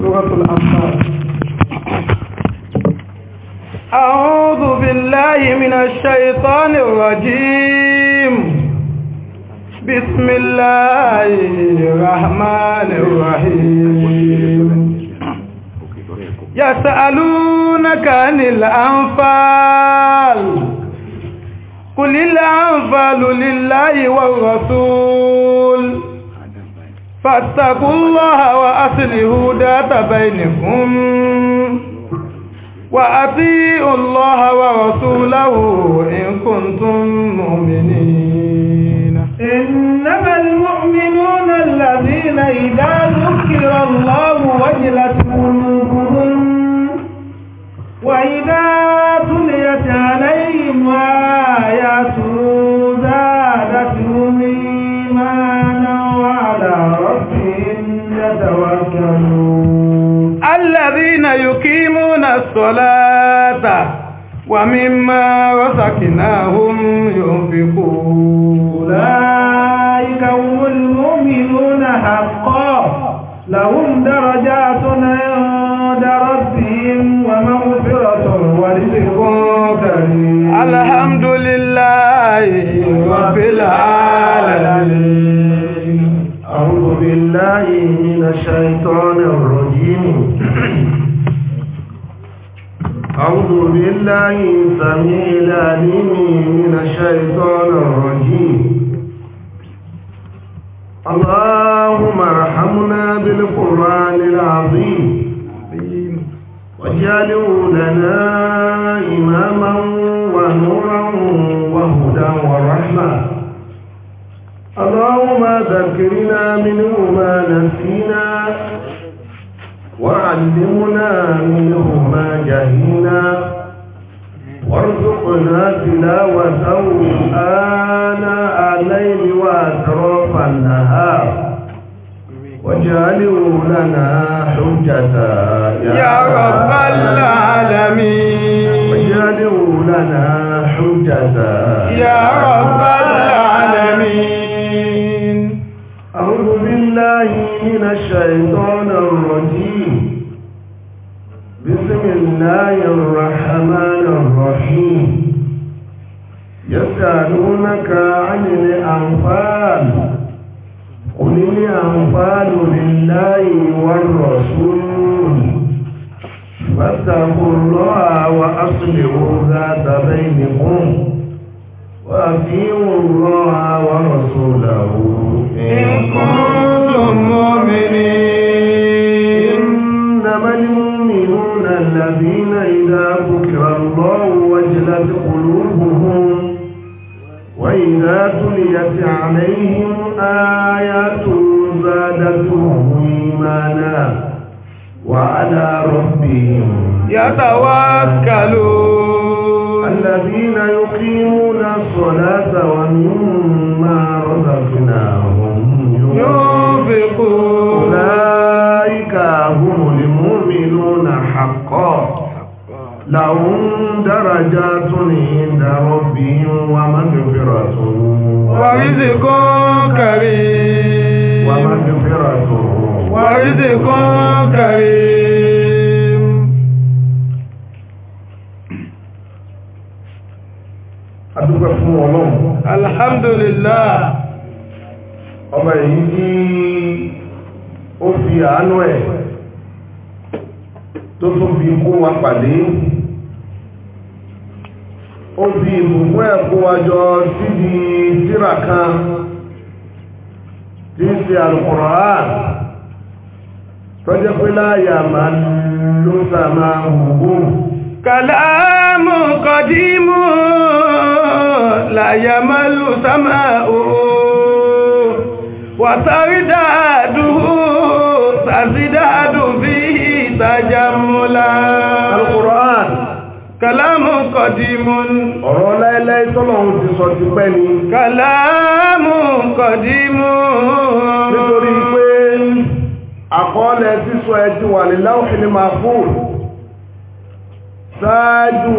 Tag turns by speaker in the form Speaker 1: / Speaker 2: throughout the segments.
Speaker 1: سورة الأنفال أعوذ بالله من الشيطان الرجيم بسم الله الرحمن الرحيم يسألونك عن الأنفال قل الأنفال لله والرسول فاتقوا الله وأصلحوا ذات بينكم وأطيعوا الله ورسوله إن كنتم مؤمنين إنما المؤمنون الذين إذا ذكر الله وجلت قلوبهم وإذا تليت عليهم آياته يتوكلون الذين يقيمون الصلاة ومما رزقناهم ينفقون أولئك هم المؤمنون حقا لهم درجات عند ربهم ومغفرة ورزق كريم الحمد لله رب العالمين أعوذ بالله من
Speaker 2: الشيطان الرجيم أعوذ بالله سميع العليم من الشيطان الرجيم اللهم ارحمنا بالقرآن العظيم واجعله لنا إماما ونورا وهدى ورحمة
Speaker 1: اللهم ذكرنا منه ما نسينا وعلمنا منه ما جهينا وارزقنا تلاوته آناء الليل وأطراف النهار واجعله
Speaker 2: لنا حجة يا رب العالمين واجعله لنا حجة يا رب العالمين بالله من
Speaker 1: الشيطان الرجيم بسم الله الرحمن الرحيم يسألونك عن الأنفال قل الأنفال لله والرسول فاتقوا الله وأصلحوا ذات بينكم وأطيعوا الله ورسوله إن كنتم مؤمنين إنما المؤمنون الذين إذا ذكر الله وجلت قلوبهم وإذا تليت عليهم آيات زادتهم إيمانا وعلى ربهم يتوكلون الذين يقيمون الصلاة
Speaker 2: ومما رزقناهم ينفقون ينفقون أولئك هم المؤمنون حقا لهم درجات عند ربهم ومغفرة ورزق كريم ومغفرة ورزق كريم أدوك فمو الله الحمد لله ọmọ yìí tí ó fi àánú ẹ̀ tó tún fi kó wa pàdé ó fi ìbùkún ẹ̀ kó wa jọ síbi kan tí ń ṣe Al-Qur'an tọ́jẹ́ pé láàyà máa ló sàmà ògùn
Speaker 1: kàlámù kọ̀dímù láyà máa ló sàmà ògùn wàtàrídàádùú
Speaker 2: sàzídàádù bí ìtajàmúlá Al-Qur'an kàlámù kọ̀dímún ọ̀rọ̀ láìláì tọ́lọ̀hún ti sọ ti pẹ́ ni kàlámù kọ̀dímún nítorí pé àkọọ́lẹ̀ sísọ ẹjú wà ní láwùfin mahfuz ṣáájú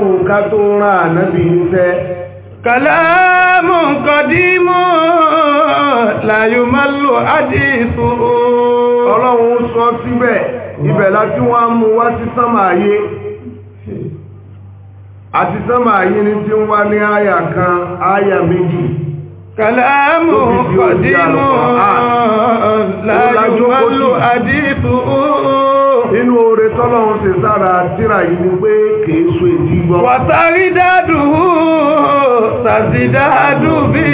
Speaker 2: kalamu kọdímù làyùmọ́lò àdìsù. ọlọ́run sọ síbẹ̀ ibẹ̀ láti wọ́n mú wá sí sánmà ayé àti ni ti ń wá ní àyà kan àyà méjì. kalamu kọdímù làyùmọ́lò àdìsù. inú oore tọ́lọ́run ṣe sára tíra yìí gbọ́. wàtàrí dádù sàzídádù bí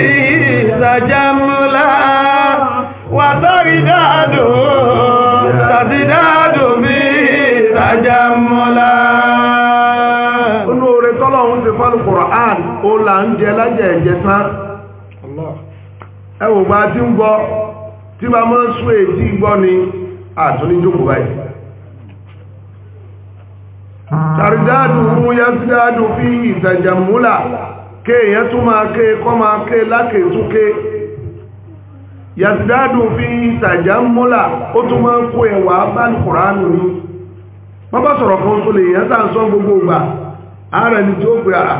Speaker 1: sàjámúlá wàtàrí dádù sàzídádù
Speaker 2: bí sàjámúlá. olóore tọ́lọ̀ ń ti fọ́lù Kùránì ó là ń jẹ lájẹ̀ ẹ̀jẹ̀ tán ẹwò bá ti ń gbọ́ tí bá mọ́ sún èyí gbọ́ ni àtúnijó báyìí. tàrídádùú yásídádù fi ìtàjàmúlà kéèyàn tún máa ké kọ́ máa ké lákè túnké fi ìtàjàmúlà ó tún máa kó ẹwà bá ní kan tó lè tàà sọ gbogbo ìgbà ààrẹ ni tí ó pè àà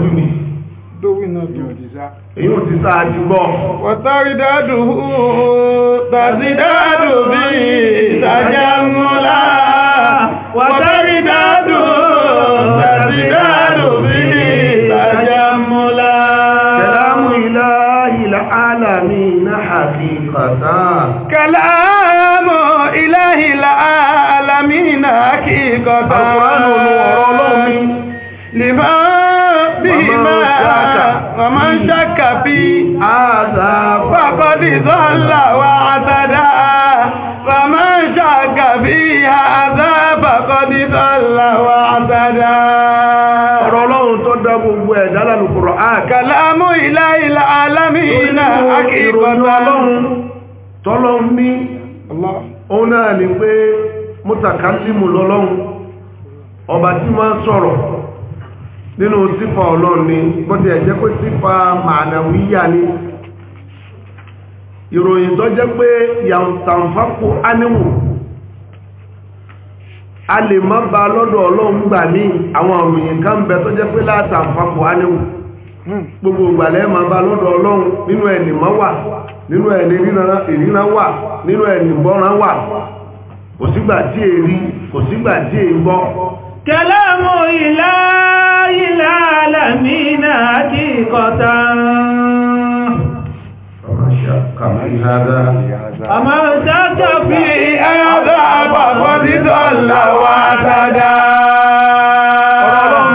Speaker 2: wími dówí náà bí kàlámù ìlàhìlà alamina kí gọ́ta
Speaker 1: lèmọ́ bí máa wọ́n máa ń ṣàkàbí àzàbọ̀ kọ́dí
Speaker 2: òun náà ni pé lọ lọ́lọ́run ọba tí máa ń sọ̀rọ̀ nínú sífà ọlọ́run ni bọ́dí ẹ̀jẹ́ pé sífà mànàwíyà ni ìròyìn tó jẹ́ pé yàtàǹfàkù ánìwò a lè má ba lọ́dọ̀ ọlọ́run gbà ní àwọn òròyìn kan bẹ tó jẹ́ pé látàǹfàkù ánìwò hmm. gbogbo ìgbàlẹ́ má ba lọ́dọ̀ ọlọ́run nínú nínú ẹ̀ ní ìríran wà nínú ẹ̀ ní ìgbọ́ran wà kò sígbà tí èrí kò sígbà tí ègbọ́
Speaker 1: kẹlẹ́mù ilá ilá alàmìnà àti ìkọta àmà ìdájọ́ ọ̀rọ̀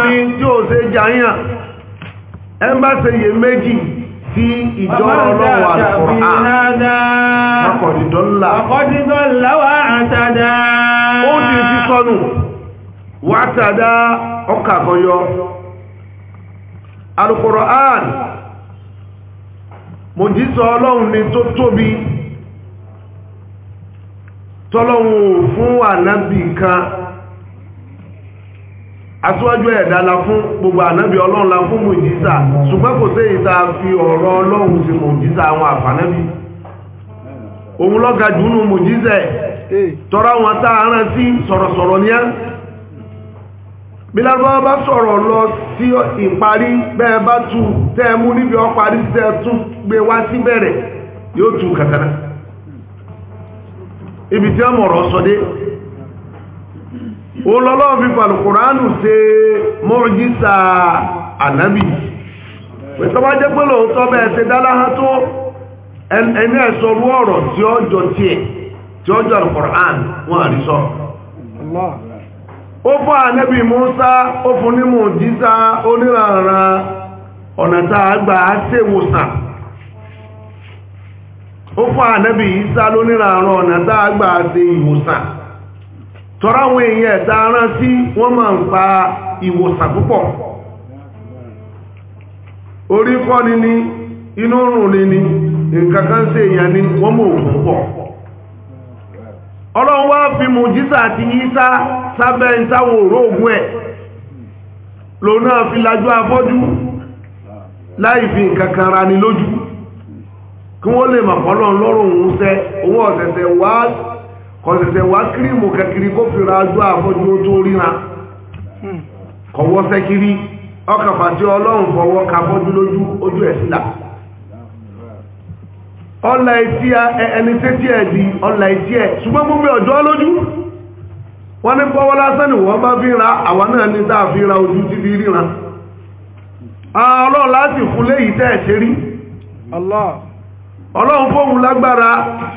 Speaker 2: mi tí ó ṣe jàyàn ẹ bá ṣe yè méjì sí ìjọ ọlọ́wọ́ alùkùrán alùkùrán mòjísọ ọlọ́run ni tó tóbi tọ́lọ́run fún ànábì kan aṣíwájú ẹ̀dá la fún gbogbo ànábì ọlọ́run la fún mòjísà ṣùgbọ́n kò sí ìta fi ọ̀rọ̀ ọlọ́run sí mòjísà àwọn àfànábì òun lọ́ga jù nù mòjísà tọ́rọ àwọn tá a rán sí sọ̀rọ̀sọ̀rọ̀ ní á bí lárúbáwá bá sọ̀rọ̀ lọ sí ìparí bẹ́ẹ̀ bá tu tẹ́ ẹ mú níbi ọparí tẹ́ ẹ tún gbé wá sí bẹ̀rẹ̀ yóò tu kàkàrà ibi tí wọ́n mọ̀rọ̀ sọdé olọ́lọ́ fi pàlùkùránù ṣe mọ́rìjísà ànábì pẹ̀tọ́wà jẹ́ pé lóòótọ́ bẹ́ẹ̀ ṣe dáláhá tó ẹni ẹ̀sọ̀rú ọ̀rọ̀ tí ó tí ẹ̀ tí ó jọ wọ́n àrí ó fún ànábì tọ́rọ àwọn èèyàn ẹ̀ta ara sí wọ́n máa ń pa ìwòsàn orí kọ́ ni ni inú rùn ni ni nǹkan kan sí ni wọ́n mọ̀ òkú pọ̀ ọlọ́run wá fi mùjísà àti yísá sábẹ́ ìtawò òrógùn ẹ̀ lòun náà fi lajú afọ́jú láì fi nǹkan kan ra ni lójú kí wọ́n kọ̀sẹ̀sẹ̀ wá kírìmù kẹkiri kó fìrà ajú àfọ́jú tó ríra hmm. kọ̀wọ́ sẹ́kiri ọkàfàtí ọlọ́run fọwọ́ kàfọ́jú lójú ojú ẹni ẹ̀ di ọlá etí ẹ̀ ṣùgbọ́n gbogbo ọjọ́ lójú wọ́n ní pọ́wọ́ lásán ni bá fi ra àwa náà ní fi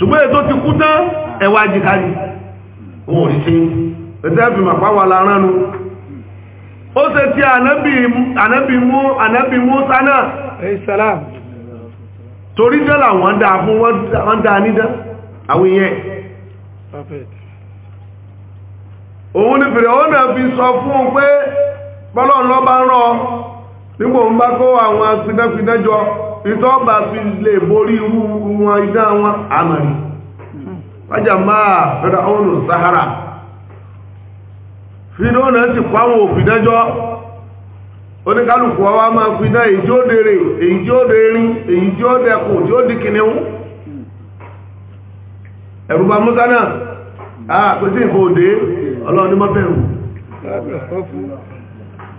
Speaker 2: ṣùgbọ́n ètò ti kú tán ẹwà jìkájì wọn ò ṣe ẹ̀tẹ́ fi màpá wà láàrán nu ó ṣe tí ànábì Mùsá náà torí jọ́là wọ́n dáa fún wọ́n dáa nídá àwọn òun ni fèrè ó náà fi sọ fún un pé lọ nígbò ń bá kó àwọn ìtọ́ bá fi lè borí irú wọn idá wọn àmàrí wájà máa fẹ́ra ọ̀nà sahara fínú náà ti kọ́ àwọn òfin dájọ́ oníkálùkù wa máa fi èyí tí ó dèrè èyí tí ó èyí tí ó dẹkùn tí ó di kìnnìún ẹ̀rùbà musa náà àpèsè ìfòdé ọlọ́ọ̀ni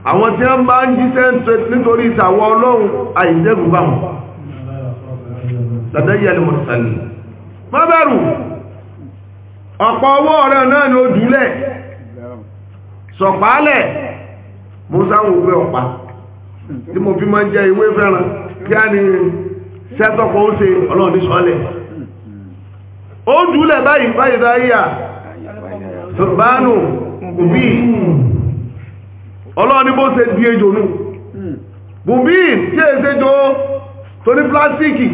Speaker 2: àwọn tí wọ́n bá ń jíṣẹ́ nítorí ìsàwọ̀ ọlọ́run àìjẹ́gùn bá wọn lọ́dẹ́ yẹlẹ̀ mọ̀sánì má bẹ̀rù ọ̀pọ̀ ọwọ́ rẹ̀ náà ni ó jùlẹ̀ sọ̀pálẹ̀ mú sáwọn òwe ọ̀pá tí mo fi máa ń jẹ ìwé fẹ́ràn kí á ní sẹ́tọ̀kọ̀ ó ṣe ọlọ́run ní sọ́lẹ̀ ó jùlẹ̀ báyìí báyìí báyìí ọlọ́run ní bó ṣe di ejò nù hmm. bùnbín tí è ṣe jọ tó ní plásíkì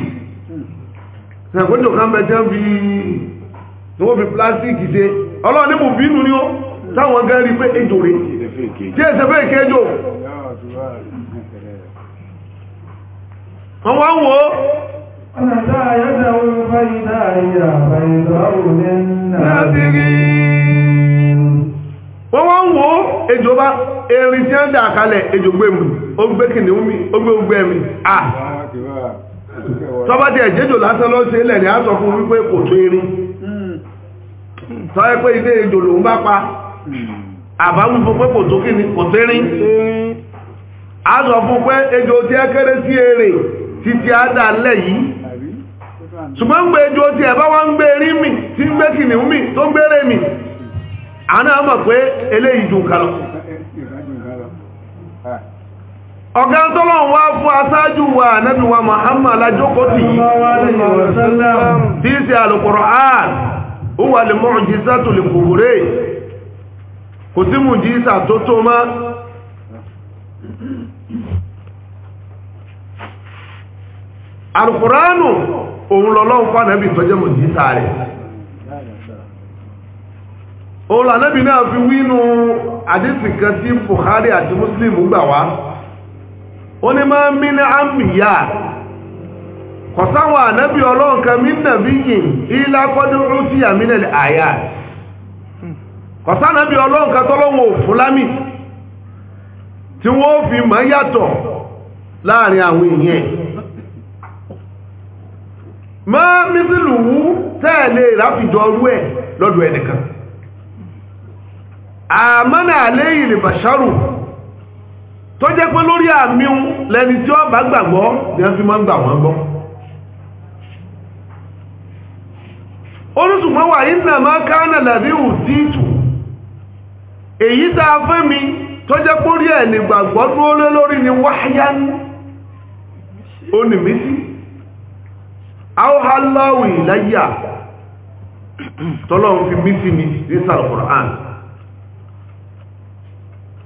Speaker 2: ṣàkójò kan bẹ jẹ́ bí i wọ́n fi plásíkì ṣe ọlọ́run ní bùnbín nù ní ó hmm. táwọn gan rí pé ejò rí tí è ṣe fẹ́ ìkẹjò wọ́n wá ń wò ó
Speaker 1: Ọ̀nàdá ayọ́dẹ̀wò fàyídá ayà fàyídá òun ní náà.
Speaker 2: Wọ́n wá ń wò ó ejò bá erin tí ń dà kalẹ̀ ejògbé mi ó kìnnì mi ó gbé mi à tọ́bátì ẹ̀jẹ̀jò lásán ló ṣe lẹ̀ ní fún wípé kò tó erin pé ilé ejò bá pa àbá fún pé kò tó kìnnì kò tó erin àsọ fún pé ejò tí ẹ kéré sí mi tí ń mi tó gbére mi àná àmọ̀ pé eléyìí ọ̀gá tọ́lọ̀n wá fún aṣáájú wa nábi wa Muhammad alájókòtì tí í ṣe al-Qur'an ó wà lè mọ́ jísà tó lè kòkòrè kò sí mú jísà tó tó má al-Qur'anu òun lọ́lọ́un fún ànábì tọ́jẹ́ mú jísà rẹ̀ òun lànábì náà fi wínú àdísì kan tí Bukhari àti Muslim gbà wá ó ma ń mí ní àmìyá kò sáwọn ànábì ọlọ́run kan mí nàbí yìí ilá kọ́dún ó ti yà mí nílẹ̀ àyà kò sáànábì ọlọ́run kan tọ́lọ́wọ́ òfúlámì tí wọ́n fi máa yàtọ̀ láàrin àwọn èèyàn máa mísìlù wú tẹ́ẹ̀lẹ̀ ìráfìjọ ẹ̀ lọ́dọ̀ ẹnìkan àmọ́nà àléyìn lè tó jẹ́ pé lórí lẹni tí ó bá gbàgbọ́ ni a fi máa ń gbà wọ́n gbọ́ orúsùn mọ́wà iná máa káánà làbí ò sí ìtù èyí tá a fẹ́ mi tó jẹ́ pé lórí ẹ̀nì gbàgbọ́ dúró lórí ni láyà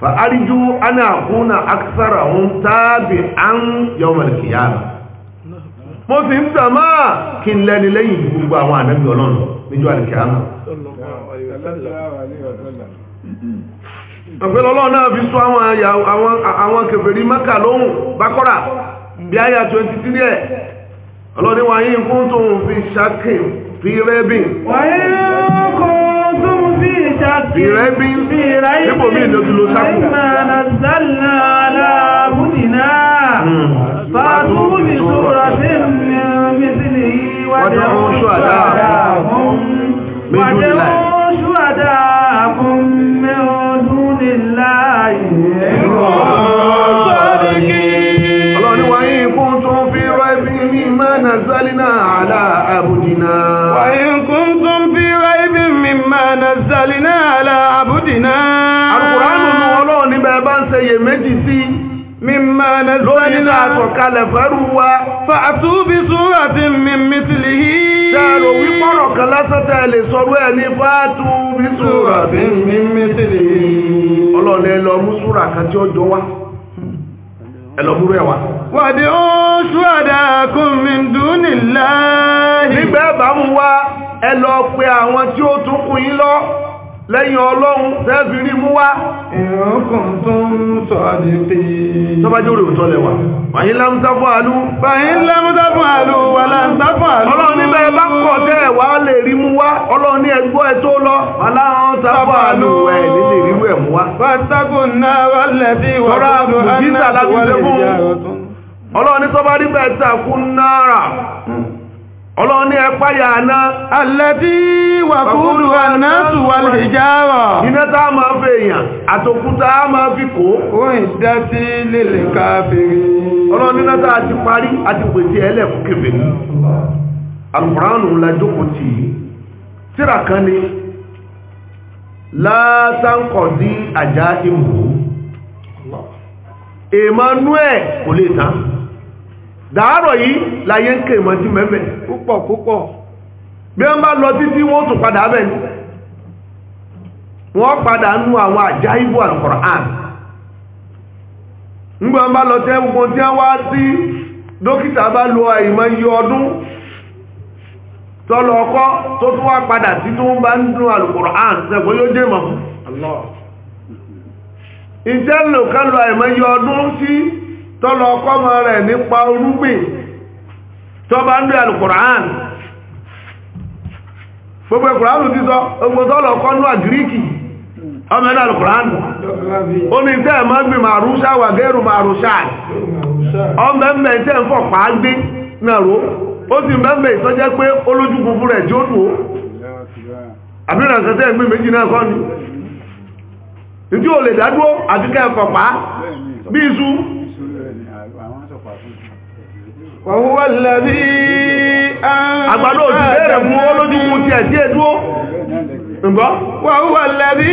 Speaker 2: فأرجو أن أكون أكثرهم تابعا يوم القيامة mo sì ń tà kí n lẹ́ni lẹ́yìn gbogbo àwọn ànábì ọlọ́run níjọ́ àlìkàámà ọ̀pẹ́ lọ́lọ́ fi sọ àwọn kèfèrí Mákà lóhùn bákọ́rà bí àyà 23 ẹ̀ ọlọ́ni wáyé kúntùn fi
Speaker 1: ìrẹ́bí nípò mí ìlótú ló sákù. wọ́n dẹ̀ ń ṣọ́ àdá àkùn méjì nílẹ̀. ọlọ́run
Speaker 2: ni wọ́n yí kún tún fi rẹ́bí ní mẹ́nà zálínà àlà àbùdínà. wọ́n yí kún tún nàzàlínà aláàbùdìnà. Àkùránù ní ọlọ́run níbẹ̀ bá ń ṣe yè méjì sí. Mímọ̀ nàzàlínà. Lórí ní àtọ̀kalẹ̀ fẹ́rù wa. Fàtúbí súràtì mímí tìlì yí. Ṣẹ́rò wípọ̀rọ̀ kan lásọ̀tẹ̀ lè sọ̀rọ̀ ẹ̀ ní fàtúbí súràtì mímí tìlì yí. Ọlọ́run ẹ lọ mú súrà kan tí ó jọ wá. Ẹ lọ múrú ẹ̀ wá. Wàdí ó ṣúwàdà kùnmí dúnìlá. Nígbà bá mú wá. ẹ lọ pé àwọn tí ó tún yín lọ lẹ́yìn ọlọ́run tẹ́bì rí mú wá ìrọ́kùn tó ń sọ àdé pé tọ́bájẹ́ orí òtọ́ lẹ́wà wàyí lámútàfún àlú wàyí lámútàfún àlú wà lámútàfún àlú ọlọ́run níbẹ̀ bá kọ̀ tẹ́ lè rí mú wá ọlọ́run ní ẹgbọ́ ẹ tó lọ wà lámútàfún àlú ẹ̀ nílé rí wẹ̀ mú wá ọlọ́run ní tọ́bá ọlọ́ni ẹ̀páyà àná alẹ́bí wà fúrú ànásù wà lè iná ma fẹ́ èèyàn àtòkúta a ma fi kó orin dátí lèlè káfèrè ọlọ́ni náà tàà ti parí àti pèsè ẹlẹ́kùn kèfèrè alùpùránù lajókò tí tíra kan ni látàkọ̀dí àjá ìmú emmanuel kò lè tán dàárọ̀ yìí láyé ń kè mọ́ sí mẹ́mẹ́ púpọ̀ púpọ̀ bí wọ́n bá lọ títí wọ́n tún padà bẹ̀ ní wọ́n padà nú àwọn àjá ibò Al-Qur'an ńgbé bá lọ tẹ́ gbogbo tí wọ́n wá dókítà bá iye ọdún tọ́lọ ọkọ́ tó tún wá padà tí tó ń bá ń dún tọ́lọ ọkọ́mọ rẹ̀ nípa orúgbìn tó bá ń lè gbogbo ẹkùránù ti sọ ogbò tọ́lọ ọkọ́nú àgíríkì ọmọ ní tẹ́ ẹ̀mọ́ màrúṣà wà gẹ́rù màrúṣà ọmọ ẹ̀mẹ́ tẹ́ ń fọ̀pá gbé nàró ó sì mẹ́mẹ́ ìsọjẹ́ pé olójú ni wọ́wọ́ lẹ́bí
Speaker 3: àgbàdo òṣìṣẹ́ rẹ̀ mú olójú mú ti ẹ̀sí ẹ̀dúó
Speaker 2: ǹbọ́ wọ́wọ́ lẹ́bí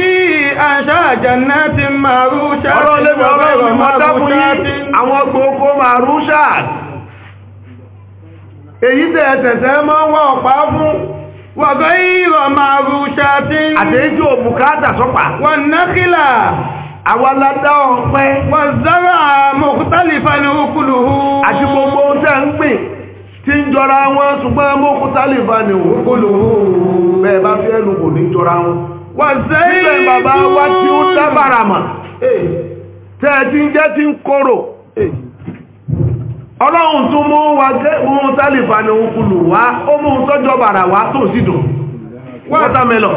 Speaker 2: àṣáàjà náà ti màrúṣà ọ̀rọ̀ lẹ́bí ọ̀rọ̀ ìmọ̀táfún yí àwọn gbogbo màrúṣà èyí tẹ̀ tẹ̀tẹ̀ mọ́ wọ́n ọ̀pá fún wọ̀gọ́ ìrọ̀ màrúṣà tí àtẹ́jú òbùkátà sọ́pà wọ́n nákìlà àwàládá ọ̀pẹ́ wàzára mọ̀kútàlífà ní òkúlù àti gbogbo tẹ́ ń pè tí ń jọra wọn ṣùgbọ́n mọ̀kútàlífà ní òkúlù bẹ́ẹ̀ bá fi ẹnu kò ní jọra wọn bàbá wa tí eh, eh. ó dábàrà mà tẹ́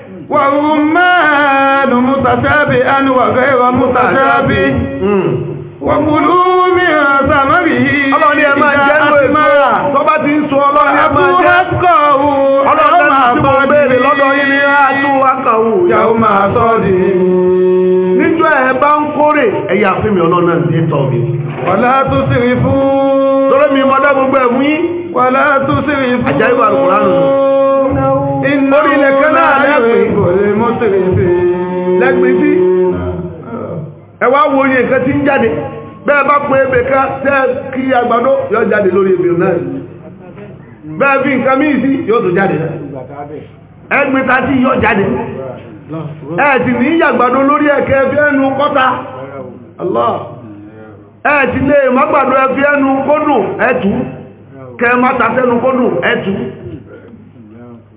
Speaker 1: وعمال
Speaker 2: متشابه وغير متشابه وكلوا من ثمره إذا أثمر يوم fún mi ọlọ́nà ní mi wàlá tó sírì fún torí mọ́dá gbogbo ẹ̀mú yí wàlá tó sírì fún àjá ìwà orí ilẹ̀ náà lẹ́gbìn ẹwà wo oye tí ń jáde bẹ́ẹ̀ bá pín ebè kan tẹ́ kí jáde lórí ebè náà bẹ́ẹ̀ fi nǹkan míì tó jáde ta tí yóò jáde ẹ̀ẹ̀tì ní agbado lórí ẹ̀kẹ́ Allah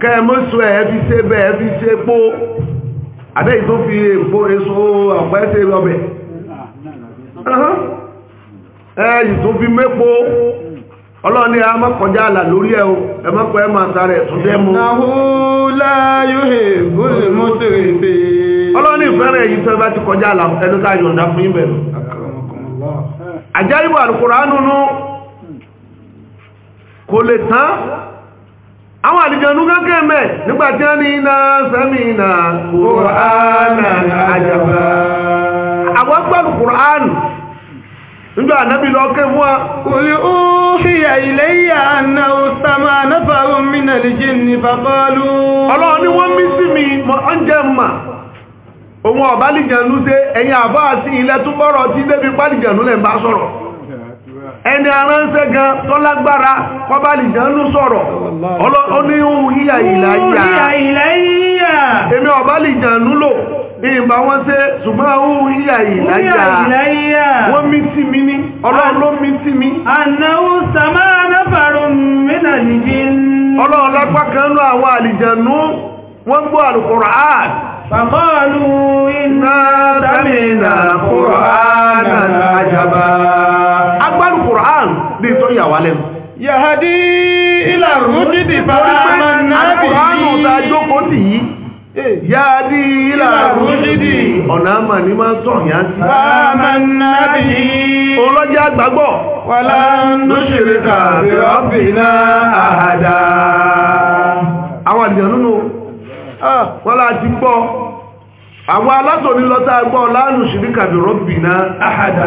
Speaker 2: kẹ́ẹ̀mọ́sọ ẹ̀ẹ́fi ṣe bẹ́ ẹ̀ẹ́fi ṣe pó àdẹ́ ìtó fi èpo èso àpẹẹsẹ ọbẹ̀ ẹ̀ẹ́yì tó fi mépo ọlọ́ni a kọjá àlà lórí ẹ̀ o ẹ̀mọ́pọ̀ dẹ́ ọlọ́ni ìfẹ́rẹ̀ èyí tó bá ti kọjá àlà ẹni yọ̀ǹda fún àjẹ́ ìbò kò lè tán àwọn àdìjọ̀nú gẹ́gẹ́ mẹ́ nígbàtí wọ́n ní iná sẹ́mìnà kùránà àjàbá àwọn gbọ́nù kùránù nígbà ànábì lọ kẹ́ fún wa qul uhiya ilayya na istama'a nafarun minal ọlọ́run ni wọ́n mí sí mi oúnjẹ mà òun ọ̀bálìjànú ṣe ẹ̀yìn àbá àti ilẹ̀ túbọ̀rọ̀ tí débi pálìjànú lẹ́ sọ̀rọ̀ ẹni aránṣẹ́ gan tó lágbára kọba lìdánú sọ̀rọ̀ ọlọ́ni ohun híyà ìlàyà èmi ọba lìdánú lò ìbá wọn ṣe ṣùgbọ́n ohun híyà ìlàyà wọ́n mí sí mi ní ọlọ́run ló mí sí mi. ànáwó sàmá anáfààrọ̀ mẹ́ta nìjí. ọlọ́run lápá kan lọ àwọn àlìjànú wọ́n gbọ́ àlùkùránì. fàkọ́ọ̀lù iná sámìnà kùránì àjàbá. bí tó yà wá lẹ́nu yàhádí ilà rúdìdì yáàdí eh. ilà rúdìdì ọ̀nà àmà ní máa tọ̀yà sí fàmànàbí olójá àgbàgbọ́ wà láàánú ṣeré tàbí rọ́bìnà àhàdà àwọn àdìyàn nínú ah. wọ́n láti gbọ́ àwọn alátòní lọ́ta gbọ́ láàánú ṣeré tàbí àhàdà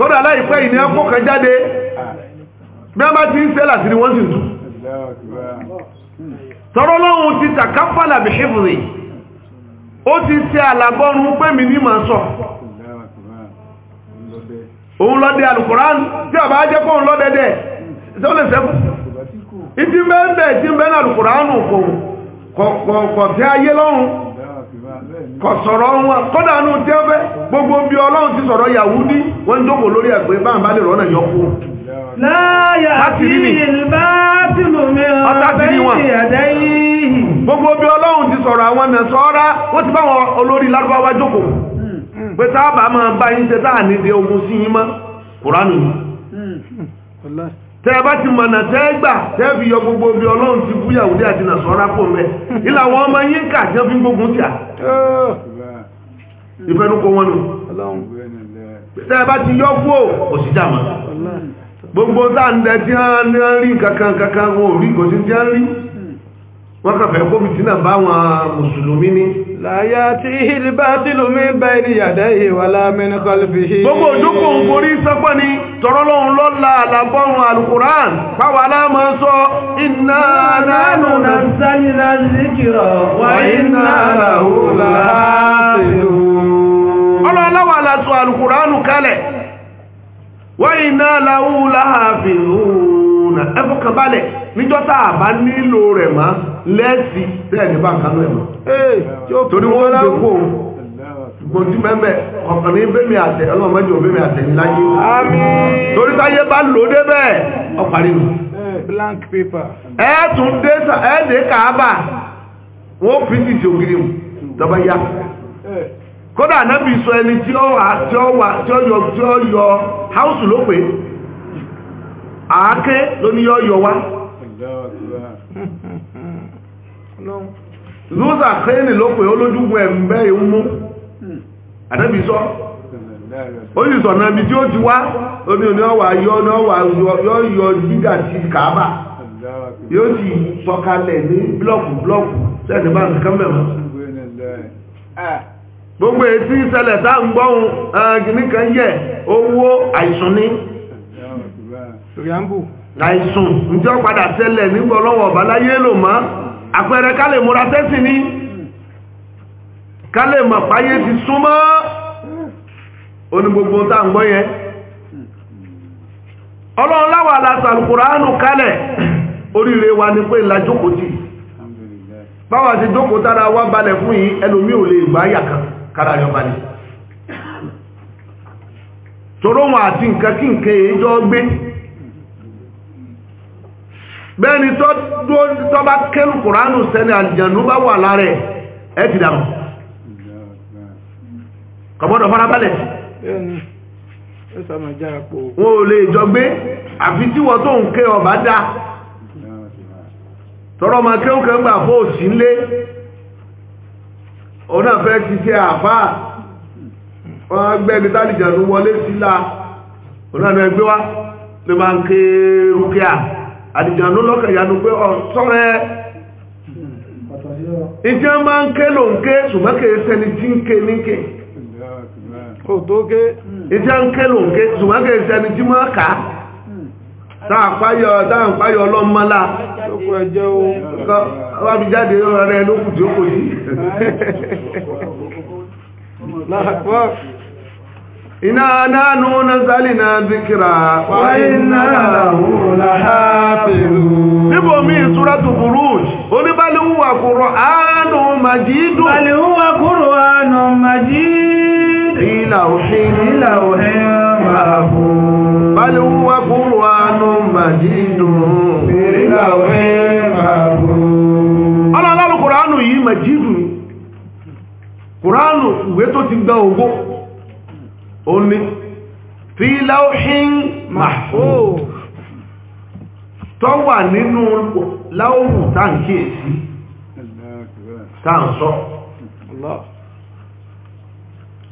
Speaker 1: lọ́dọ̀ aláìpẹ́ ìní ẹ̀kọ́ kan jáde
Speaker 2: bí a bá ti ń sẹ́là sí ni wọ́n sì ti tàkáfàlà bí ṣífìrì ó ti ṣe pẹ́mì ní sọ òun lọ́dẹ alùkùránù tí a bá jẹ́ fóun lọ́dẹ ìtí kò sọ̀rọ̀ wọn kódà tí ó fẹ́ gbogbo bí ọlọ́run ti sọ̀rọ̀ yahudi wọ́n jókò lórí ẹ̀gbẹ́ bá lè rọ́nà yọkú
Speaker 1: láyà sí
Speaker 2: ìlbá tìlù mi gbogbo bí ọlọ́run ti sọ̀rọ̀ àwọn nẹ̀sọ́ra wọ́n ti báwọn olórí lárúbáwá hmm. pé máa bá yín ṣe táà nídìí ogun sí yín mọ́ yìí tẹ́ bá ti mọ̀nà gbà fi yọ gbogbo bí ọlọ́run ti bú yàwó dé àti nàṣọ́rá pọ̀ mẹ́ ilà àwọn ọmọ yín kà jẹ́ fi a ìfẹ́nukọ wọn nù ti yọ fún òṣìṣà gbogbo táǹdẹ tí wọ́n rí kankan kankan wọn ò rí kò sí tí wọ́n rí wọ́n fẹ́ kóbi tí náà bá wọn mùsùlùmí bá bá gbogbo òdókòwò orí sọ́pọ̀ ni tọ́rọlọ́run lọ́la àlàbọ́run alukuran pàwà aláàmọ́ sọ iná aláàlù na sáyìnà zíkìrọ̀ wà iná aláhù láàáfẹ́lú ọlọ́láwà látọ̀ alukuran kalẹ̀ wà iná aláhù láàáfẹ́lú na ẹfọ́kà balẹ̀ níjọ́ta àbá nílò rẹ̀ gbòtí mẹ́mẹ́ ọ̀kan ní bẹ́mi àtẹ ọlọ́mọdé ò bẹ́mi àtẹ níláyé torí táyé bá lò dé bẹ́ẹ̀ ọ̀parí mi.
Speaker 1: blank paper.
Speaker 2: ẹ tún dé ẹ dé ògiri mu yá kódà anábì sọ ẹni tí ó wà tí ó wà tí ó yọ tí ó yọ house ló pé àáké ànábì sọ ó sì sọ̀nà ibi tí ó ti wá omi òní ọwà yọ ní ọwà yọ yọ gíga kàábà gbogbo etí ìṣẹ̀lẹ̀ tá ń gbọ́hun ẹgbìnní kan yẹ owó àìsùn ní àìsùn ǹjẹ́ ó padà ṣẹlẹ̀ nígbà lò mọ́ àpẹẹrẹ ká tẹ́sì ti súnmọ́ oní gbogbo ń gbọ́ yẹn alásàlùkùránù kalẹ̀ oríire wa ni pé ìlàjókòó tì báwa ti jókòó tára wá balẹ̀ fún yìí ẹlòmí ò lè gbá yàkà kára yọ balẹ̀ tòrò wọn àti nǹkan kí nǹkan èyí gbé bẹ́ẹ̀ni bá kẹ́lù kùránù sẹ́ni àjànú bá wà lára ẹ̀ ẹ̀ ti farabalẹ̀ wọn ò lè jọ gbé àfi tí wọ́n tó ń ké ọba dá tọ́rọ ma kéwòké ń gbà fó òsì ńlé òun náà fẹ́ ti ṣe àfáà wọ́n gbẹ́ni tálìjànú wọlé sílá òun náà ẹgbẹ́ wá lè máa ń ké rúkíà àdìjànú lọ́kẹ̀ ìyanu pé ọ̀sọ́rẹ́ ìjẹ́ máa ń ké lòun ké ṣùgbọ́n kèé sẹni tí ń ké òtógé ìjẹ́ ń a ń ké ṣùgbọ́n kèrè sẹni tí mọ́ kàá sáàpáyọ̀ ọlọ́mọ́lá lókùn ẹjẹ́ ohun wá jáde rẹ̀ lókùn tí yìí iná na wà iná láàpẹ̀lú níbò mí ìtura tó kúrò ánù لوح لوح محفوظ بل هو قرآن مجيد في لوح محفوظ ti gba ògbó ó fi láwọ́hín ma tó wà nínú láwọ́hù Allah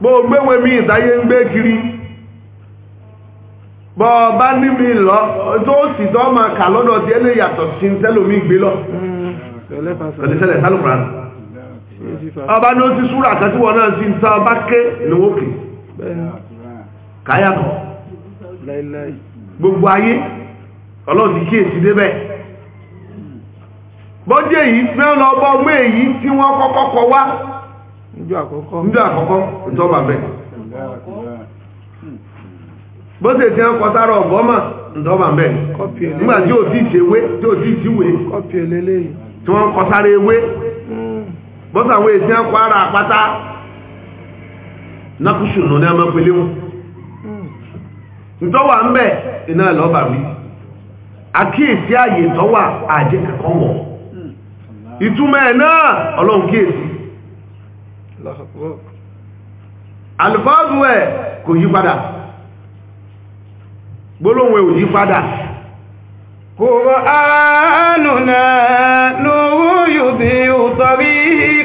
Speaker 2: gbogbo enwe mi ìsáyé ń kiri ọba níbi lọ tó sì tọ́ ma kà lọ́dọ̀ tí ẹlẹ́ yàtọ̀ sí tẹ́lómi lọ tẹ̀lẹ́sẹ̀lẹ̀ sálùkùnrà ọba ní ó ti súrà àtàtíwọ̀ náà sí ta ọba ké lówókè gbogbo ayé ọlọ́dún kí èsì débẹ̀ bọ́jẹ́ yìí èyí tí wọ́n kọ́kọ́ kọ wá njọ́ akụkọ ìtọ́bà bẹ̀ bó ṣe tí wọ́n kọ sára ọ̀gọ́mà ìtọ́bà bẹ̀ nígbà tí ò tí ìṣèwé tí ò tí hmm. ara àpáta nákùsù nù ní ọmọ pẹ̀lẹ́ wọn ìtọ́wà ń hmm. iná àkíyèsí wọ̀ hmm. alifáàzù ẹ̀ kò yí padà gbólóhùn ẹ̀ ò yí padà kò ránù náà lówó yóò bí ó tọ́rí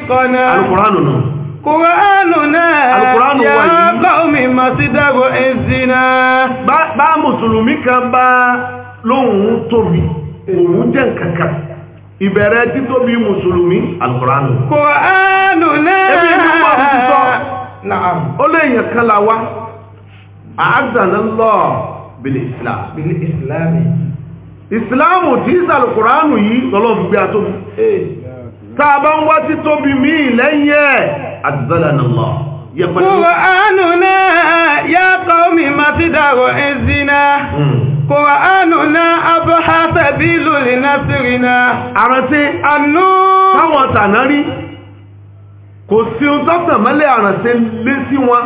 Speaker 2: kọ́nà alùkùránù náà kùránù náà ma sí dágọ́ ẹ̀zìnà bá mùsùlùmí kan bá lóhùn tóbi òun jẹ́ nǹkankan ìbẹ̀rẹ̀ títóbi mùsùlùmí alkùránù kòránù náà ó lè yàn kan láwá àádànlọ́ bèlè ìsìláàmì ìsìláàmù tí ìsàlùkùránù yìí lọ́lọ́ fi gbé àtóbi tàà bá ń wá títóbi mí lẹ́yìn ẹ̀ àdìsàlànàlọ́ kòránù náà yàtọ̀ mi máa Kùránùná abúhá tẹ̀bí ìlú ìrìnà sírìnà. Àrántí. Ànú. Táwọn ọ̀tàná rí. Kò sí ohun tọ́tàn mọ́lẹ̀ àrántí lé sí wọn.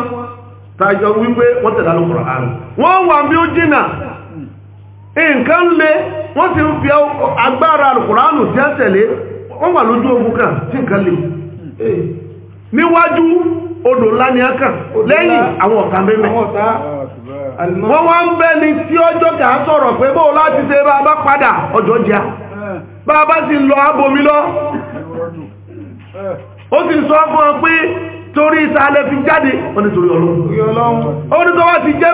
Speaker 2: Tàjọ wípé wọ́n tẹ̀dá ló Kùránù. Wọ́n wà bí ó jìnà. Nǹkan lé wọ́n ti ń fi agbára Kùránù tí a kan tí ni a kàn. àwọn mẹ́mẹ́. wọ́n wá ń bẹ́ ni tí ọjọ́ kà sọ̀rọ̀ pé bó láti ṣe bá bá padà ọjọ́ jẹ́ bá bá sì lọ abomi lọ
Speaker 3: ó sì sọ fún
Speaker 2: ọ pé torí ìsàlẹ̀ fi jáde wọ́n ni torí ọlọ́run ó ní ti jẹ́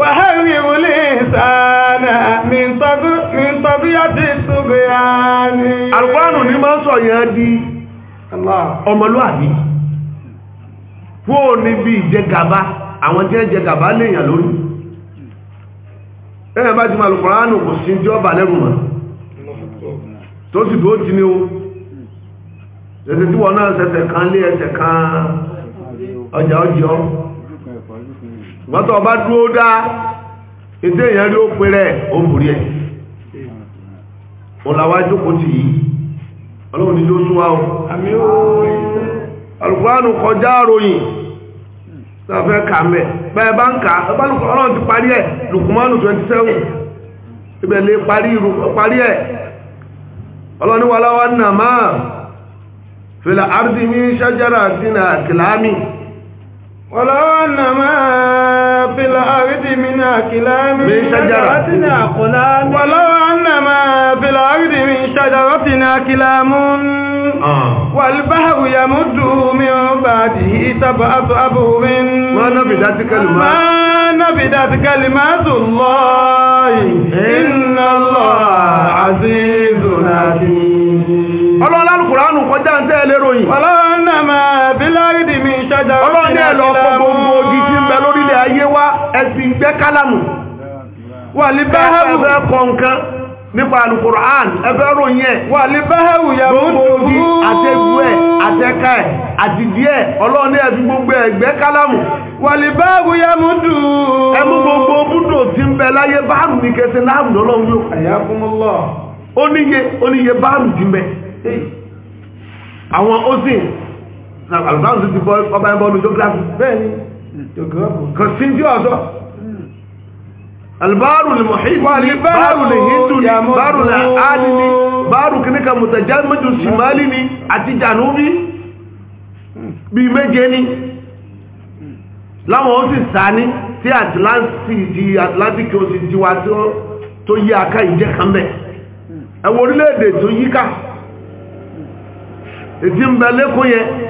Speaker 1: وهرب
Speaker 2: الإنسان من طبيعة الصبيان القرآن ni máa ń sọ yẹn di ọmọlúwàbí fóò àwọn jẹ́ jẹgàba léèyàn lórí ẹ̀yẹ̀ bá ti máa lùkùránù kò sí jọ́ bà lẹ́rù mọ̀ tó sì tó ti ní o ṣẹ̀ṣẹ̀ tí wọ́n náà ṣẹ̀ṣẹ̀ kan lé ẹsẹ̀ kan ọjà ọjọ́ ṣùgbọ́n tó bá dúró dá ètò èèyàn rí ó pé rẹ̀ ẹ̀ òun làwọn ọlọ́run ló o alùpùránù kọjá àròyìn sáfẹ́ kà bẹ́ẹ̀ bá ń kà ẹgbẹ́ ọlọ́run ti parí ẹ̀ Lukumanu 27 ibẹ̀ lè parí ẹ̀ ọlọ́ni wà láwọn nàmá fìlà àrùsí ní ṣájára àti nà ولو أن ما في الأرض من أكلام من شجرتنا أقلام ولو
Speaker 1: أن ما في الأرض من شجرتنا
Speaker 2: أكلام والبحر يمده من بعده سبعة أبهر ما نفدت كلمات ما نفدت كلمات الله إن الله عزيز حكيم ọlọ́lá alùkùránù kọjá ń tẹ́ ẹlẹ́rọ yìí. ọlọ́run náà máa bí láríd ọlọ́run ní ẹ̀lọ́ gbogbo ogi ń bẹ lórílẹ̀ ayé wá ẹ̀sìn gbẹ́ kálàmù wà ẹ̀fẹ́ kọ̀ọ̀kan nípa alukur'an ẹ̀fẹ́ ròyìn ẹ̀ wà gbogbo ogi àtẹ́gbù ẹ̀ ẹ̀ àtìdí ẹ̀ ọlọ́run ní gbogbo ẹ̀gbẹ́ kálàmù wà múdù ẹ̀mú gbogbo ń bẹ láyé ní kẹsẹ̀ láàrùn alùpàdé ti bọ́ ọba ẹ̀ bọ́ọ̀lù jógráfì bẹ́ẹ̀ ni jógráfì kò sí ní ọ̀sọ́ albaru ni muhimmi baru ni hindu ni baru ni ali ni baru kìnnìkan mutajamiju shimali ni àti janubi bíi méje ni láwọn ó sì sá ní tí atlantic di atlantic si sì di wa tó yí aká ìjẹ́ kan bẹ̀ ẹ̀wọ̀n orílẹ̀-èdè tó yíká ètí ń bẹ lẹ́kọ́ yẹn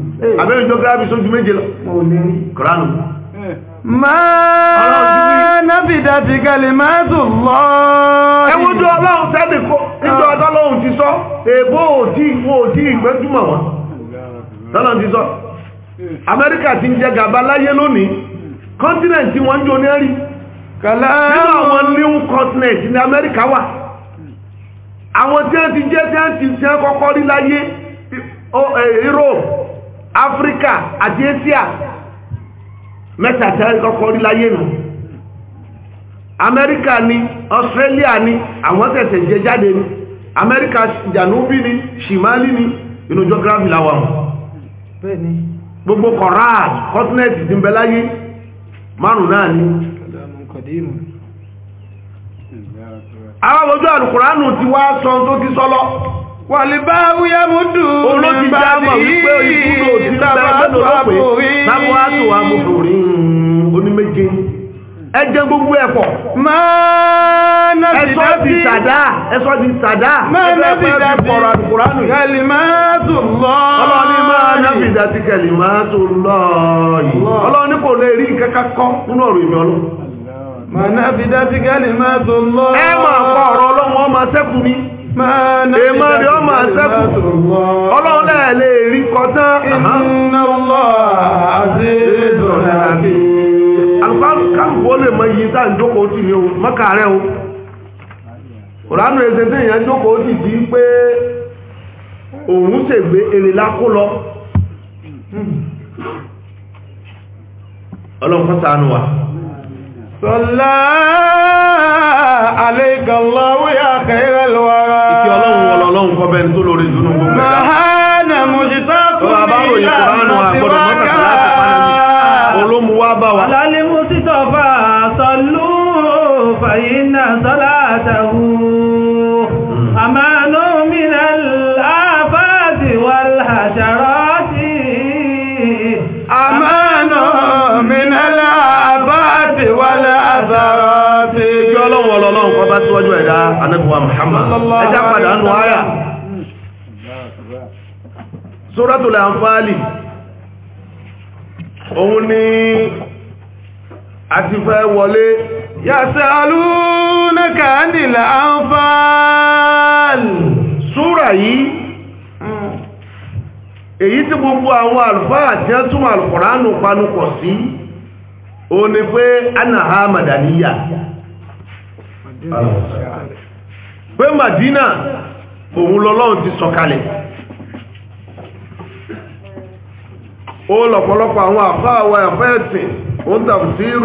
Speaker 2: àbẹ́rẹ́ geography sójú méje lọ kọ́ránù máa náfìdá ti kalẹ̀ máa tò lọ ẹwùjọ ọlọ́run sẹ́bì kó níjọ ah. ọlọ́run ti sọ èbó òtí ìwò òtí ìgbẹ́júmọ̀ wọn tọ́lọ́run ti sọ amẹ́ríkà ti ń jẹ gàba láyé lónìí continent tí wọ́n jò ní ẹ̀rí nínú àwọn new continent ní amẹ́ríkà wà àwọn tí wọ́n ti jẹ́ tí wọ́n ti kọ́kọ́ rí láyé Europe Africa àti asia mẹ́ta tẹ́lá kọ́kọ́ rí láyé nù amẹ́ríkà ni australia ni àwọn tẹ̀sẹ̀ jẹ jáde ni amẹ́ríkà jànúbí ni ṣìmálì ni inú geography láwọn gbogbo koran continent ti ń bẹ láyé márùn náà ni àwọn ojú àrùkùránù ti wá sọ tó ti sọ́lọ́ wàlìbá wúyẹ́ mú dùn olójìjà mọ̀ wípé ìkúrò tí ń bẹ lọ́nà olóòpin lábọ́ àtò amúfòrí oníméje ẹjẹ́ gbogbo ẹ̀pọ̀ ẹ̀sọ́ ti sàdá ẹ̀sọ́ ti sàdá ẹ̀sọ́ ti pọ̀rọ̀ àdùkùránù kẹlìmáàtù lọ́ọ̀ọ́ ọlọ́ọ̀ni máa nábì ìdásí kẹlìmáàtù lọ́ọ̀ọ́ ọlọ́ọ̀ni kò lè rí kẹ́kẹ́ kọ́ nínú ọ̀rọ̀ ìmì ọlọ́ èèmọ̀ rẹ̀ ọmọ àṣẹ́kù ọlọ́run náà lè rí kọjá alùpàkùnkùn lè mọ iye tá à ń jókòó tì ní o mọ́kà rẹ̀ o òránù ẹsẹ̀ tí èèyàn jókòó tì sí pé òun ṣègbè èrè lákó lọ hmm. ọlọ́run kọ́ wa. sọ́lá àlẹ́gànláwó yà kẹ́rẹ́ lọ́wọ́ra ìkẹ́ ọlọ́run ọlọ́run kọ́ bẹ́ni tó lórí ìdúnú gbogbo ẹ̀dá mahana mojita fún mi láàrín ọ̀rọ̀ àgbọ̀dọ̀ mọ́kànlá bá wa ẹ̀dá anábíwá Muhammad ẹjá padà nù áyà Suratul Anfal òun ni a ti fẹ́ wọlé yasalunaka anil anfal súra yìí èyí tí gbogbo àwọn àlùfáà tí wọ́n túnmọ̀ Al-Qur'anu sí o ni pé anaha madaniya. Yeah. pé Madina òun lọ́lọ́run ti sọ̀kalẹ̀ ó lọ̀pọ̀lọpọ̀ àwọn àfáàwọ̀ ẹ̀fẹ́ ẹ̀sìn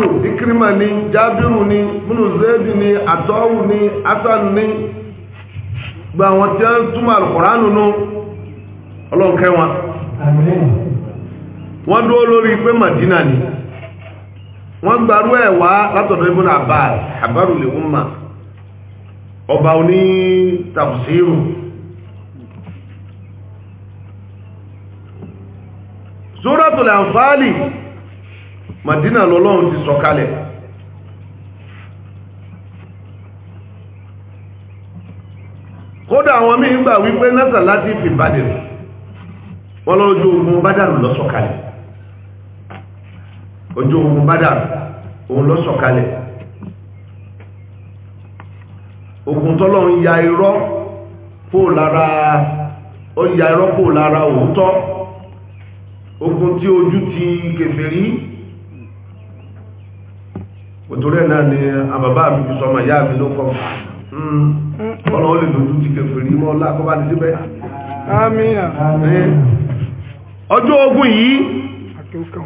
Speaker 2: ó Ikrima ni Jábírù ni múnuzéèdì ni àtọ́wù ni Hasan ni gba àwọn tí wọn wọ́n lórí pé Madina ni wọ́n gbarú ọba oní tàbùsírù Suratul Anfal Madina lọ́lọ́run ti sọ̀kalẹ̀ kódà àwọn míì gbà wípé nasa láti fi Badr wọ́n lọ́jọ́ ogun Badr ló ojú ogun Badr òun ló ogun tọ́lọ́ ya irọ́ kó lára ó ya irọ́ lára òótọ́ tí ojú ti kèfèrí òtòrí ẹ̀ náà ni àbàbá mi fi sọmọ ìyá mi ló kọ́ hmm. ọ̀nà ó lè ti kèfèrí mọ́ lákọ́bá ní síbẹ̀ ọjọ́ ogun yìí àkíkà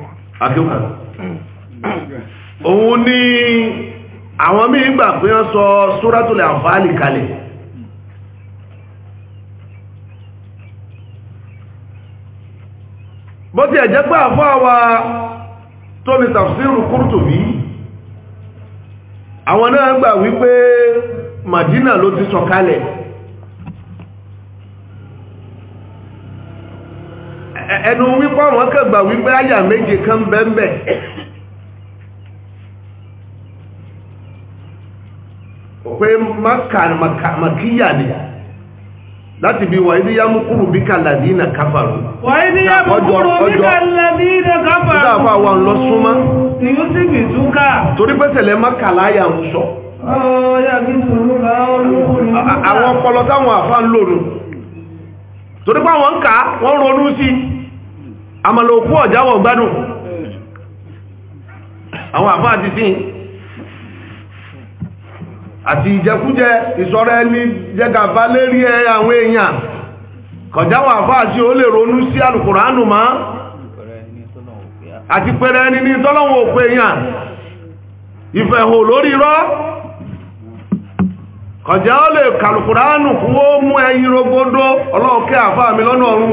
Speaker 2: hmm. ni àwọn míì gbà pé wọ́n sọ súrátùlẹ̀ àfáàlì kalẹ̀ bó ti ẹ̀jẹ́ pé àfáà wa tó ní tafsirul Qurtubi àwọn náà gbà wípé Madina ló ti sọ kalẹ̀ ẹnu wípọ́ wọn kẹgbà wípé àyà méje kan bẹ́ẹ̀ òpé makíyà ni láti bí wà ìdí yámúkúrù bí kàlàdí na káfàrù wà ìdí yámúkúrù bí kàlàdí na káfàrù ìdá àfà wà ń lọ súnmá ó sì fi torí pẹ́sẹ̀lẹ̀ yà ń sọ àwọn ọpọlọ táwọn ń torí wọ́n ká wọ́n ronú sí àmàlòkú gbádùn àwọn ti àti ìjẹkújẹ ìsọ̀rọ̀ ẹni jẹgàba lérí ẹ àwọn èèyàn kọjáwà fáà tí ó lè ronú sí alùkùránù máa àti pẹ̀rẹ ẹni ní tọ́lọ́wọ̀ òpè èèyàn ìfẹ̀hò lórí rọ́ kọjá ó lè kàlùkùránù fún ó mú ẹyin rogodo ọlọ́ọ̀kẹ́ àfáà mi lọ́nà ọ̀run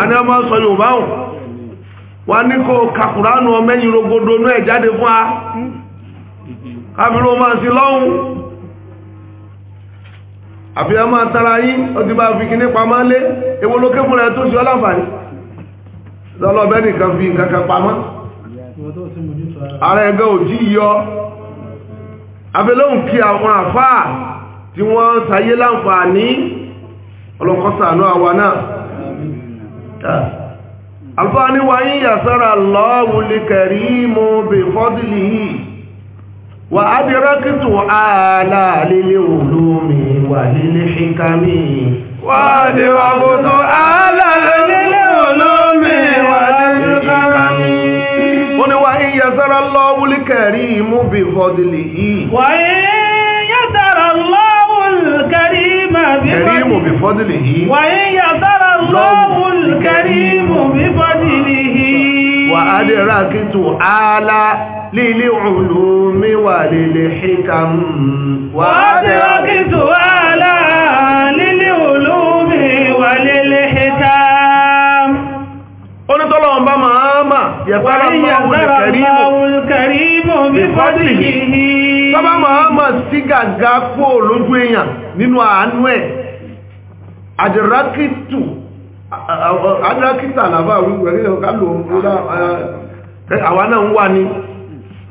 Speaker 2: àní ọmọ sọ yorùbá hùn ní kó kàkùránù ọmọ ẹyin àfi ẹ máa tara yín ọtí bá fi kíní pamọ́ lé ewo lókè fúnra ẹ tó ṣe ọlànfààní lọ́lọ́bẹ́ nìkan fi nǹkan kan pamọ́ ara ẹgbẹ́ òjì yọ abẹ́lóhùn kí àwọn àfáà tí wọ́n sayé láǹfààní ọlọ́kọ́sàánú àwa náà alfáà ní wáyé yàsára lọ́wùlẹ̀kẹ̀rí mú bè fọ́dìlì yìí wà á di rákìtù ààlà lílé olómi wà lílé ṣíkàmí wà á di rákìtù ààlà lílé olómi wà lílé ṣíkàmí ó ní wà ń yẹsára lọ́wọ́lì kẹrí mú bí fọdìlì yìí wà ń
Speaker 1: yẹsára lọ́wọ́lì kẹrí mú
Speaker 2: bí fọdìlì yìí wà ń yẹsára lọ́wọ́lì kẹrí mú bí fọdìlì yìí wà á di rákìtù ààlà للعلوم وللحكم وأدرك سؤالا للعلوم وللحكم قلت اللهم بما يفعل الله الكريم بفضله tọ́bá máa ma sí gàgá kó lójú èèyàn nínú àánú ẹ̀ àdìrákìtù àdìrákìtà làbá àwọn náà ń wà ní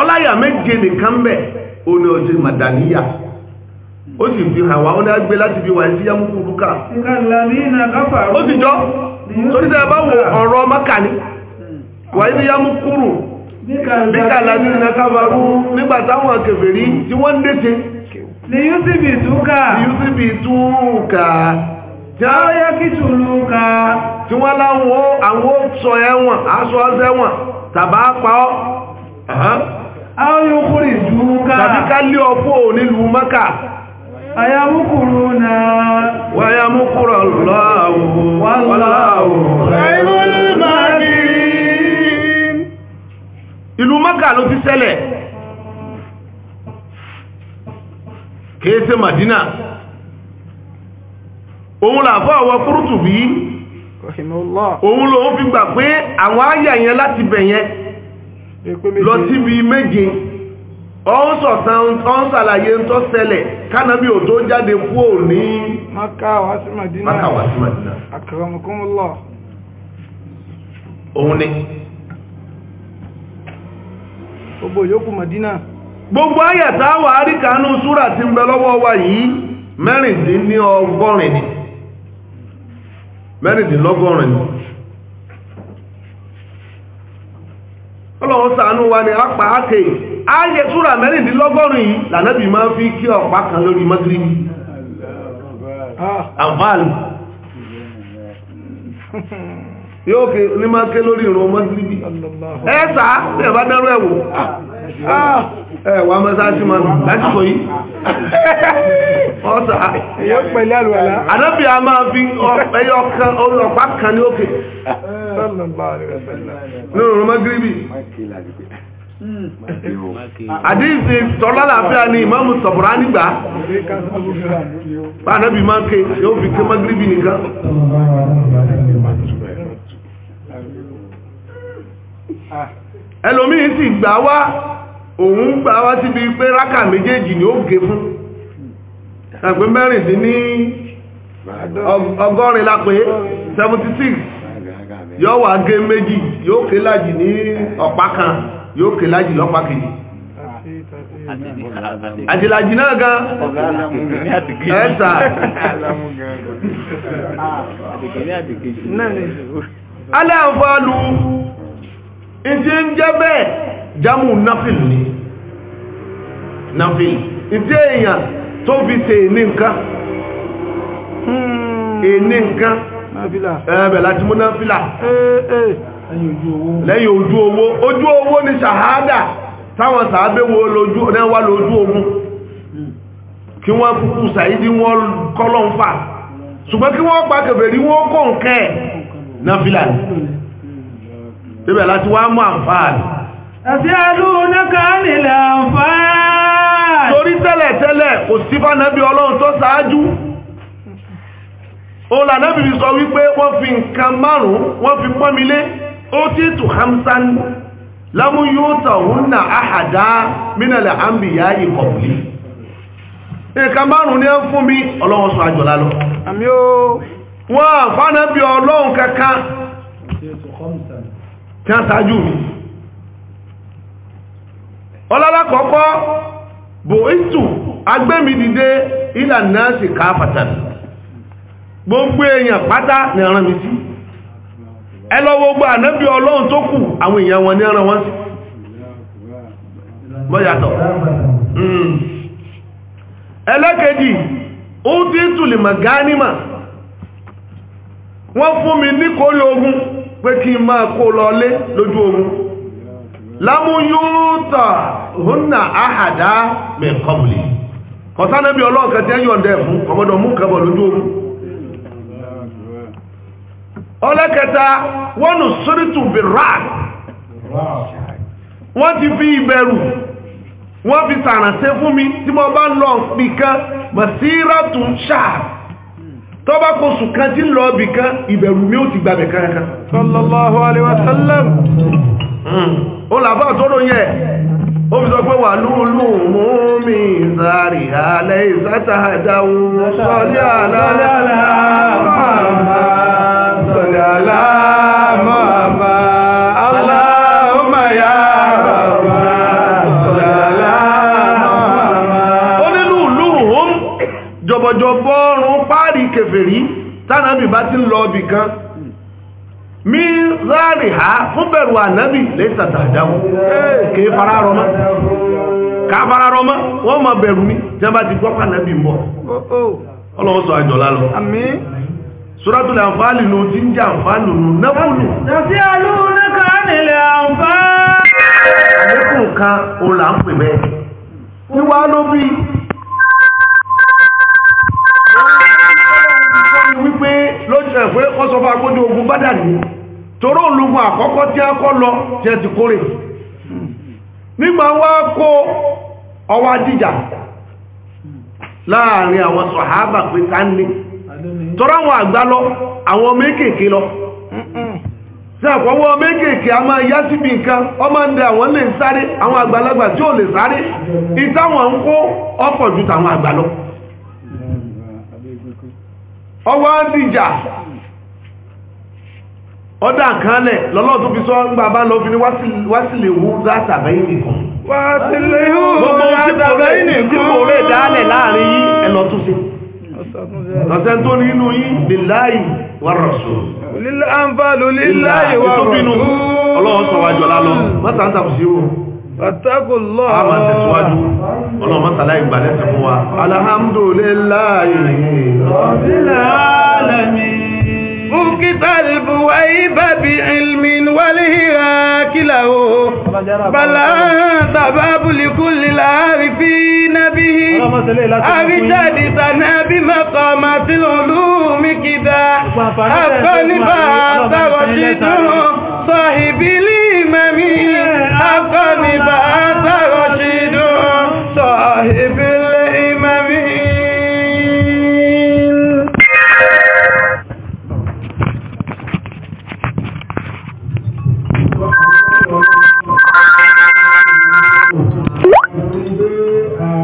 Speaker 2: ọláyà méje nìkan bẹ̀ ó ọjọ́ màdàníyà ó sì fi hàn ó ní láti fi wà ó sì jọ torí tẹ́ bá wo ọ̀rọ̀ maka ní wà ní yámúkúrù níkàlà ní ìnàkàbàrú nígbà táwọn kèfèrí tí wọ́n ń dẹ́tẹ́ ni yóò sì bì tí wọ́n láwọn àwọn sọ ẹ̀wọ̀n aṣọ ọ̀sẹ̀wọ̀n tàbá pa ọ́ ka ìjúúká tàbí ká lé ọpọ́ nílùú mẹ́kà ayamukuru na wayamukuru Allahu
Speaker 1: wallahu khairul
Speaker 2: ìlú mẹ́kà ló ti ṣẹlẹ̀ kéèsè Madina òun làfọ́ ọwọ́ Qurtubi òun lòun fi gbà pé àwọn ayà yẹn láti bẹ̀yẹn lọ síbi méje ọ́n sọ̀tàn ń tọ́ ṣẹlẹ̀ ò tó jáde kúò ní Mákà wá sí madina. akramakumullah ni gbogbo yòókù gbogbo wà á rí kánú súrà wa yìí mẹ́rìndínlọ́gọ́rin ọlọ́run ṣàánú wa ni apá ákè ayé súra mẹ́rìndínlọ́gọ́rin yìí lànàbì máa fi kí ọ̀pá kan lórí mọ́gíríbì àbáàlù yóò kí ní máa ké lórí ìrún mọ́gíríbì ẹ́sà ẹ̀ bá dárú ẹ̀wò ẹ̀wà mẹ́sáàsì máa láti sọ yìí ọ̀sà ànábì a máa fi ọ̀pá kan ní òkè
Speaker 1: sallallahu alaihi wasallam lóòrùn magribi àdíìsì tọ́lálàáfíà sọ̀bùrá nígbà
Speaker 2: pàdébì máa ké yóò fi ké magribi nìkan ẹlòmíì sì gbà wá òun gbà wá síbi pé rákà méjèèjì ni ó gé fún ẹgbẹ́ mẹ́rìndínlẹ́ ọgọ́rin 76 yóò wá gé méjì yóò ké lájì ní ọ̀pá kan yóò ké lájì lọ́pá kejì àtìlájì náà gan ẹ̀ẹ́sà aláàfáàlù ìdí ń jẹ́ bẹ́ẹ̀ jámù náfìlì ní náfìlì ìdí èèyàn tó fi ṣe èní nǹkan èní nǹkan ẹ̀bẹ̀ láti mú náfílà lẹ́yìn ojú owó ojú owó ni ṣàhádà táwọn sàábé wo lójú ọ̀nẹ́wà lójú ogun kí wọ́n kúkú sàídí wọ́n kọ́lọ̀ ń fà ṣùgbọ́n kí wọ́n pa kèfèrí wọ́n kọ́ ǹkẹ́ náfílà ẹ̀bẹ̀ láti wá mú àǹfààní
Speaker 1: àti àlúnaka nílẹ̀ àǹfààní torí tẹ́lẹ̀ tẹ́lẹ̀ kò
Speaker 2: sí fánàbí ọlọ́run tó ṣáájú òun lànàbìrì sọ wípé wọ́n fi nǹkan márùn-ún wọ́n fi pọ́milé ó tí tù hamsan lámú yóò tàwọn nà áhàdá mínàlẹ̀ àmbìyà ìkọ̀bùlé nǹkan márùn-ún ní ẹ fún mi ọlọ́run sọ àjọ̀lá lọ wọ́n mi ìtù agbẹ́mìdìde ìlànà sí gbogbo èèyàn pátá ní ẹran mi sí ẹ gbogbo ọlọ́run tó kù àwọn èèyàn wọn ní ẹran wọn sí bọ́yàtọ̀ hmm. ẹlẹ́kẹ̀ẹ́jì ó tí tùlì wọ́n fún mi ní kórí ogun pé kí n máa kó lọ lé lójú ogun lámúyútà húnnà áhàdá mẹ́kọ̀bùlì kọ̀sánẹ́bí ọlọ́ọ̀kẹ́ ogun ọlọ́kẹta wọ́n nù sórítù biran wọ́n ti fi ìbẹ̀rù wọ́n fi tàrànṣẹ́ fún mi tí bá lọ nìkan masíràtù ṣáà tó bá kó sùkán tí lọ bì kan mi ó ti gbàbẹ̀ kankan sallallahu alaihi wasallam hmm. ó làbá kèfèrí tánàbì bá ti lọ kan mi ha fún bẹ̀rù ànábì lẹ́sàtà àjáwó kèé fara rọmọ ká fara rọmọ wọ́n ma bẹ̀rù mi jẹba ti gbọ́pá ànábì mọ́ oh, oh. ọlọ́wọ́ sọ àjọ̀lá lọ suratul àǹfààlì ló ti ń jẹ́ àǹfààlì nù náfùlù nàfí alúnaka nílẹ̀ àǹfààlì àlékùn kan ò là ń pè bẹ́ẹ̀ wíwá ló bí rẹ̀ pé kọ́ sọ fún agbójú ogun bádà ní olùgbọ́n àkọ́kọ́ tí a kọ́ lọ tí ti kórè nígbà wá kó ọwá jíjà láàrin àwọn sọ̀hábà pé ká ní àwọn lọ àwọn mékèèké lọ sí àpọ̀wọ́ a máa yá síbi nǹkan ń dẹ àwọn lè sáré àwọn àgbàlagbà tí ò lè sáré ìtàwọn ń kó lọ ọdá àkánlẹ̀ lọ́lọ́tún fi sọ ńgbà bá lọ fi ní wásìlè wú nìkan
Speaker 1: wásìlè wú nìkan mo rẹ̀ dálẹ̀ láàrin yí ẹlọ́túnṣe
Speaker 2: ọ̀sẹ̀ tó ní inú yí lèláyì wà rọ̀ṣù lílànfàlù lílàyì wà rọ̀ṣù sọ wájú ọlá mọ́ta ń tàbí síwò fún wa. Alhamdulillah, ممكن البويب بعلم والهراك له
Speaker 1: بل أنت لكل العارفين به أرشدتنا بمقامات العلوم كذا أفن بعد رشد صاحب الإمام أفن بعد رشد صاحب الإمام